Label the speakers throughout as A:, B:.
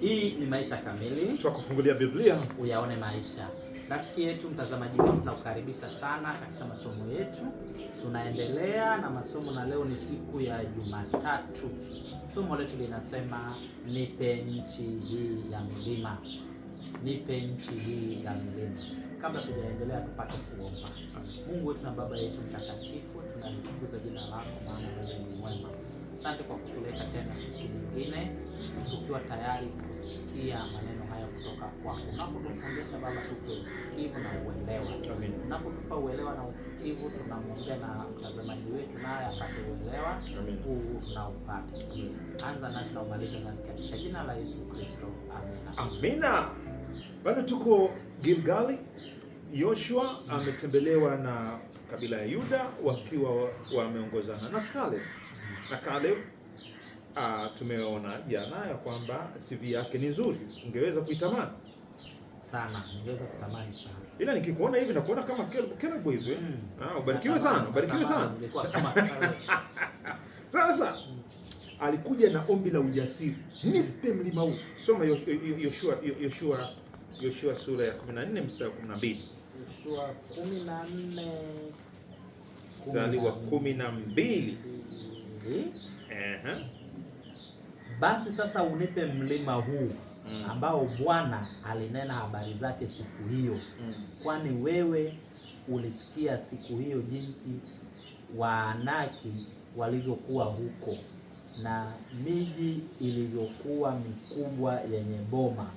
A: Hii ni Maisha Kamili,
B: kufungulia Biblia
A: uyaone maisha. Rafiki yetu, mtazamaji wetu, tunakukaribisha sana katika masomo yetu. Tunaendelea na masomo na leo ni siku ya Jumatatu. Somo letu linasema nipe nchi hii ya milima, nipe nchi hii ya milima. Kabla tujaendelea, tupate kuomba. Mungu wetu na Baba yetu mtakatifu, tunalitukuza jina lako, maana wewe ni mwema Asante kwa kutuleta tena siku nyingine, tukiwa tayari kusikia maneno haya kutoka kwako. Unapotufundisha Baba, tupe usikivu na uelewa. Unapotupa uelewa na usikivu, tunamwombea na mtazamaji wetu naye apate uelewa huu na upate. Anza nasi na umalize nasi katika jina la Yesu Kristo, amina.
B: Amina. Bado tuko Gilgali. Yoshua ametembelewa na kabila ya Yuda wakiwa wameongozana na Caleb na Caleb ah, tumeona jana ya kwamba CV yake ni nzuri, ungeweza kuitamani
A: sana, ungeweza kutamani sana
B: ila nikikuona hivi nakuona kama Caleb hivi. Hmm. Ah, ubarikiwe sana, ubarikiwe sana. Sasa alikuja na ombi la ujasiri, nipe mlima huu. Soma Yoshua, Yoshua, Yoshua sura ya 14 mstari wa 12.
A: Yoshua 14
B: mstari wa 12 mm
A: Basi sasa unipe mlima huu mm. ambao Bwana alinena habari zake siku hiyo mm. kwani wewe ulisikia siku hiyo jinsi Waanaki walivyokuwa huko na miji ilivyokuwa mikubwa yenye boma.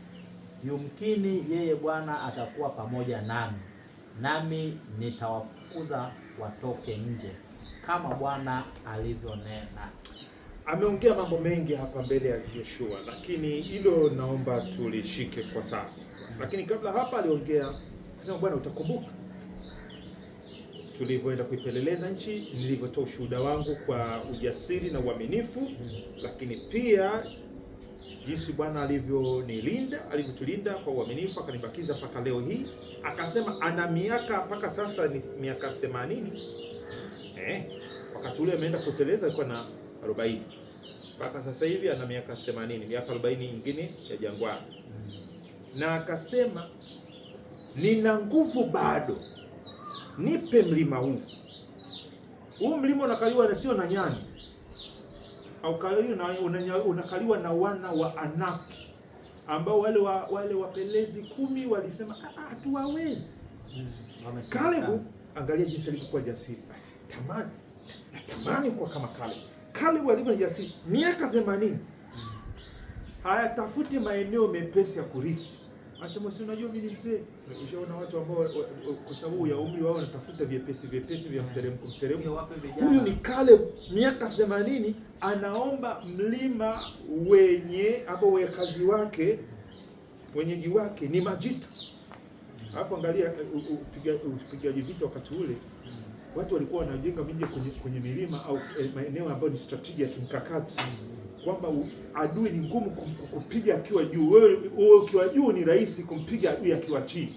A: Yumkini yeye Bwana atakuwa pamoja nami, nami nitawafukuza watoke nje kama Bwana alivyonena.
B: Ameongea mambo mengi hapa mbele ya Yoshua, lakini hilo naomba tulishike kwa sasa. Lakini kabla hapa aliongea akasema, Bwana utakumbuka tulivyoenda kuipeleleza nchi, nilivyotoa ushuhuda wangu kwa ujasiri na uaminifu mm -hmm. Lakini pia jinsi Bwana alivyonilinda, alivyotulinda kwa uaminifu, akanibakiza mpaka leo hii. Akasema ana miaka mpaka sasa ni miaka 80 eh, wakati ule ameenda kuteleza alikuwa na 40 mpaka sasa hivi ana miaka 80, miaka 40 nyingine ya jangwani, na akasema nina nguvu bado, nipe mlima huu huu. Mlima unakaliwa na sio na nyani au kaliwa, unakaliwa na wana wa Anaki ambao wale wa, wale wapelezi kumi walisema ah, ah, hatuwawezi. Hmm, Kalebu angalia jinsi alivyokuwa jasiri. Basi tamani natamani kuwa kama kale Caleb alivyo ni jasiri miaka themanini hayatafuti maeneo mepesi ya kurithi. Anasema si unajua mimi mzee, ushaona watu ambao eh, eh, kwa sababu ya umri wao wanatafuta vyepesi vyepesi vya mteremko mteremko. Huyu ni kale miaka themanini anaomba mlima wenye ambao wekazi wake wenyeji wake ni majitu Alafu angalia eh, upigaji vita wakati ule watu walikuwa wanajenga miji kwenye, kwenye milima au eh, maeneo ambayo ni strategy ya kimkakati kwamba adui ni ngumu kupiga akiwa juu. Wewe ukiwa juu ni rahisi kumpiga adui akiwa chini,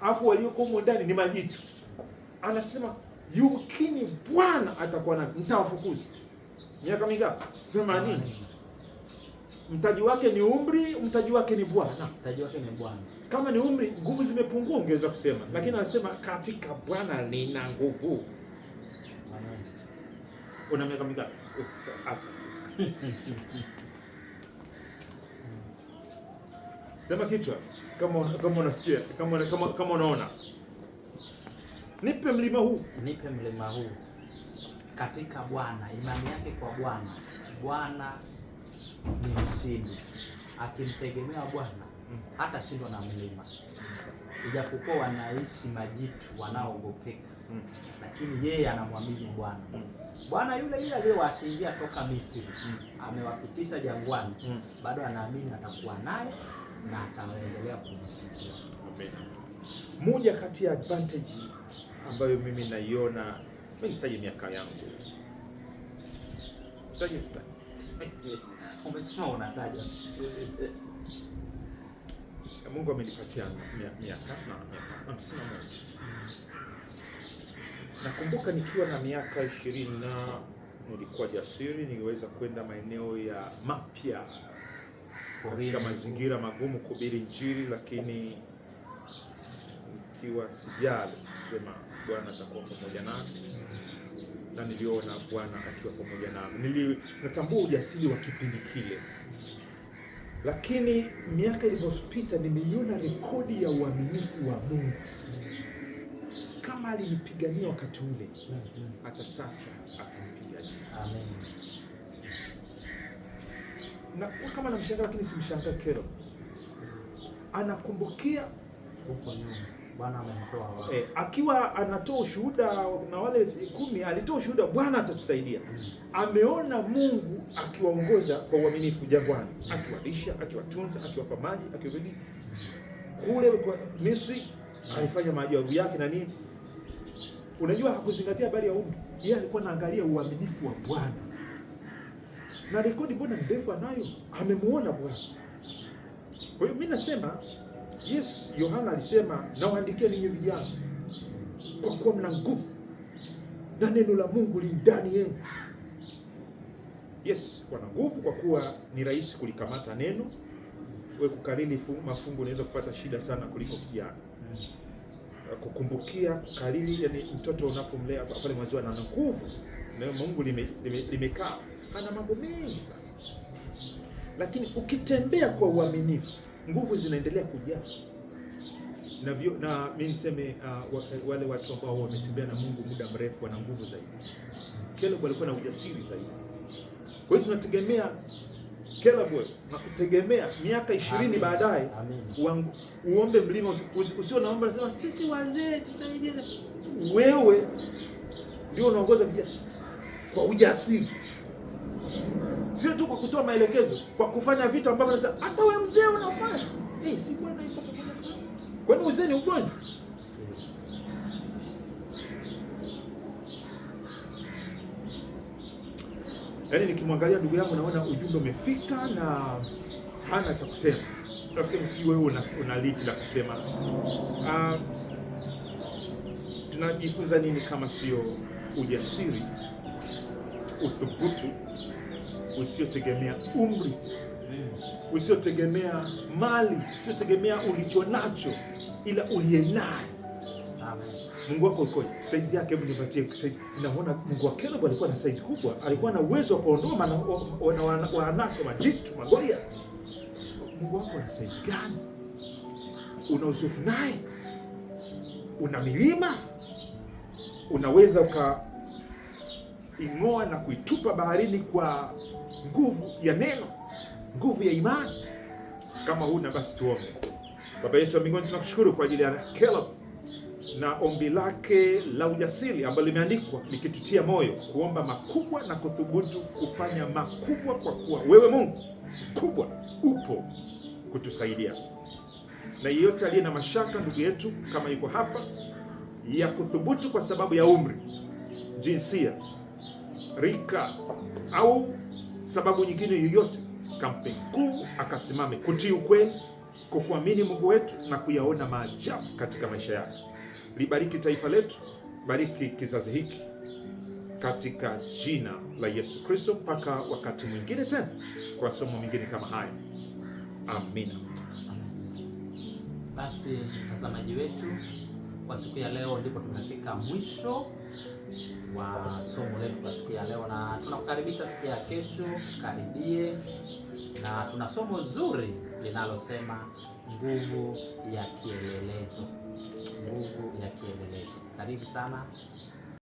B: alafu walioko humo ndani ni majitu. Anasema yumkini Bwana atakuwa na, nitawafukuza miaka mingapi? themanini mtaji wake ni umri, mtaji wake ni Bwana,
A: mtaji wake ni Bwana.
B: Kama ni umri, nguvu zimepungua, ungeweza kusema, mm. lakini anasema katika Bwana nina nguvu. Una miaka mingapi? Sema kichwa kama kama unasikia kama kama kama unaona. Nipe mlima huu,
A: nipe mlima huu katika Bwana, imani yake kwa Bwana, Bwana ni msimu. Akimtegemea Bwana hata shindwa na mlima, ijapokuwa wanaishi majitu wanaoogopeka, lakini yeye anamwamini Bwana. Bwana yule yule aliyewashingia toka Misri amewapitisha jangwani, bado anaamini atakuwa naye na ataendelea kumshikia.
B: Moja kati ya advantage ambayo mimi naiona, mimi nitaje miaka yangu
A: umesema unataja
B: Mungu amenipatia miaka hamsini na moja. Nakumbuka nikiwa na miaka ishirini na nilikuwa jasiri, niliweza kwenda maeneo ya mapya katika mazingira magumu kuhubiri Injili, lakini nikiwa sijali sema Bwana atakuwa pamoja nami. Mm-hmm na niliona Bwana akiwa pamoja nami. Nilitambua ujasiri wa kipindi kile, lakini miaka ilivyopita nimeiona rekodi ya uaminifu wa Mungu kama alinipigania wakati ule, hata sasa atanipigania. Amen. Na kama namshangaa, lakini simshangaa kero, anakumbukia
A: huko nyuma Bwana amemtoa wapi?
B: Eh, akiwa anatoa ushuhuda na wale kumi, alitoa ushuhuda Bwana atatusaidia. Hmm. Ameona Mungu akiwaongoza kwa uaminifu jangwani, akiwalisha, akiwatunza, akiwapa maji, akiwabidi kule kwa Misri alifanya maajabu yake na nini. Unajua, hakuzingatia habari ya umri, yeye alikuwa anaangalia uaminifu wa Bwana na rekodi, Bwana ndefu anayo, amemuona Bwana. Kwa hiyo mimi nasema Yes, Yohana alisema nawaandikia ninyi vijana, kwa kuwa mna nguvu na neno la Mungu li ndani yenu. Yes, wana nguvu kwa kuwa ni rahisi kulikamata neno. We kukariri mafungu unaweza kupata shida sana kuliko kijana mm. kukumbukia kukariri. Yani mtoto unapomlea pale mwanzo ana nguvu, neno Mungu limekaa lime, lime ana mambo mengi sana, lakini ukitembea kwa uaminifu nguvu zinaendelea kujaa na, na mi niseme uh, wale watu ambao wametembea na Mungu muda mrefu wana nguvu zaidi. Caleb alikuwa na ujasiri zaidi. Kwa hiyo tunategemea Caleb na kutegemea miaka ishirini baadaye uombe mlima usio naomba, nasema sisi wazee tusaidie. Wewe ndio unaongoza vijana kwa ujasiri mzee tu kwa kutoa maelekezo, kwa kufanya vitu ambavyo sasa hata wewe mzee unafanya. Eh, si bwana ipo pamoja Kwani uzee ni ugonjwa? Yaani nikimwangalia ndugu yangu naona ujumbe umefika na hana cha kusema. Rafiki, msijui wewe una, una lipi la kusema. Uh, tunajifunza nini kama sio ujasiri uthubutu usiotegemea umri, usiotegemea mali, usiotegemea ulichonacho ila uliye naye Mungu wako ukoje? Saizi yake mnipatie saizi. Naona Mungu wa Caleb alikuwa na saizi kubwa, alikuwa na uwezo wa kuondoa wanawake majitu magoria. Mungu wako ana saizi gani? Una usufu naye? Una milima? Unaweza uka kuing'oa na kuitupa baharini kwa nguvu ya neno, nguvu ya imani. Kama huna basi, tuombe. Baba yetu wa mbinguni, tunakushukuru kwa ajili ya Caleb na ombi lake la ujasiri ambalo limeandikwa likitutia moyo kuomba makubwa na kuthubutu kufanya makubwa, kwa kuwa wewe Mungu mkubwa upo kutusaidia. Na yeyote aliye na mashaka, ndugu yetu, kama yuko hapa, ya kuthubutu kwa sababu ya umri, jinsia rika au sababu nyingine yoyote, kampeni kuu akasimame kutii ukweli kwa kuamini Mungu wetu na kuyaona maajabu katika maisha yake. Libariki taifa letu, bariki kizazi hiki katika jina la Yesu Kristo, mpaka wakati mwingine tena kwa somo mingine kama haya. Amina.
A: Basi mtazamaji wetu kwa siku ya leo ndipo tumefika mwisho wa somo letu kwa siku ya leo, na tunakukaribisha siku ya kesho, karibie na tuna somo zuri linalosema nguvu ya kielelezo. Nguvu ya kielelezo. Karibu sana.